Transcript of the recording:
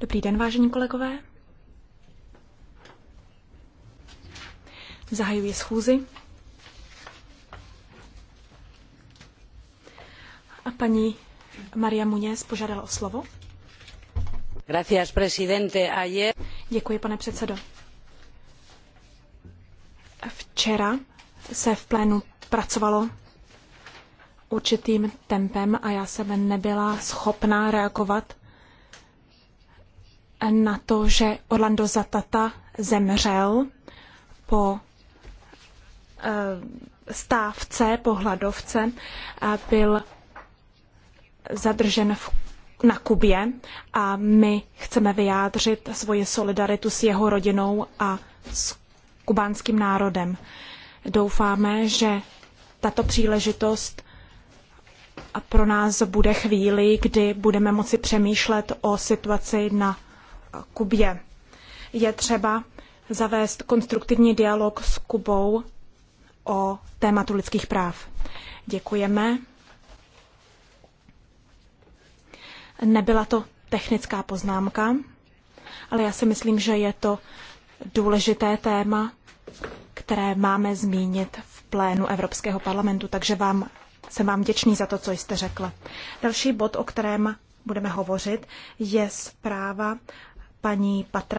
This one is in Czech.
Dobrý den, vážení kolegové. Zahajuji schůzi. A paní Maria Muněz požádala o slovo. Gracias, presidente. Ayer... Děkuji, pane předsedo. Včera se v plénu pracovalo určitým tempem a já jsem nebyla schopná reagovat na to, že Orlando Zatata zemřel po eh, stávce, po hladovce, byl zadržen v, na Kubě a my chceme vyjádřit svoji solidaritu s jeho rodinou a s kubánským národem. Doufáme, že tato příležitost a pro nás bude chvíli, kdy budeme moci přemýšlet o situaci na Kubě. Je třeba zavést konstruktivní dialog s Kubou o tématu lidských práv. Děkujeme. Nebyla to technická poznámka, ale já si myslím, že je to důležité téma, které máme zmínit v plénu Evropského parlamentu, takže vám, jsem vám děčný za to, co jste řekla. Další bod, o kterém budeme hovořit, je zpráva paní Patra.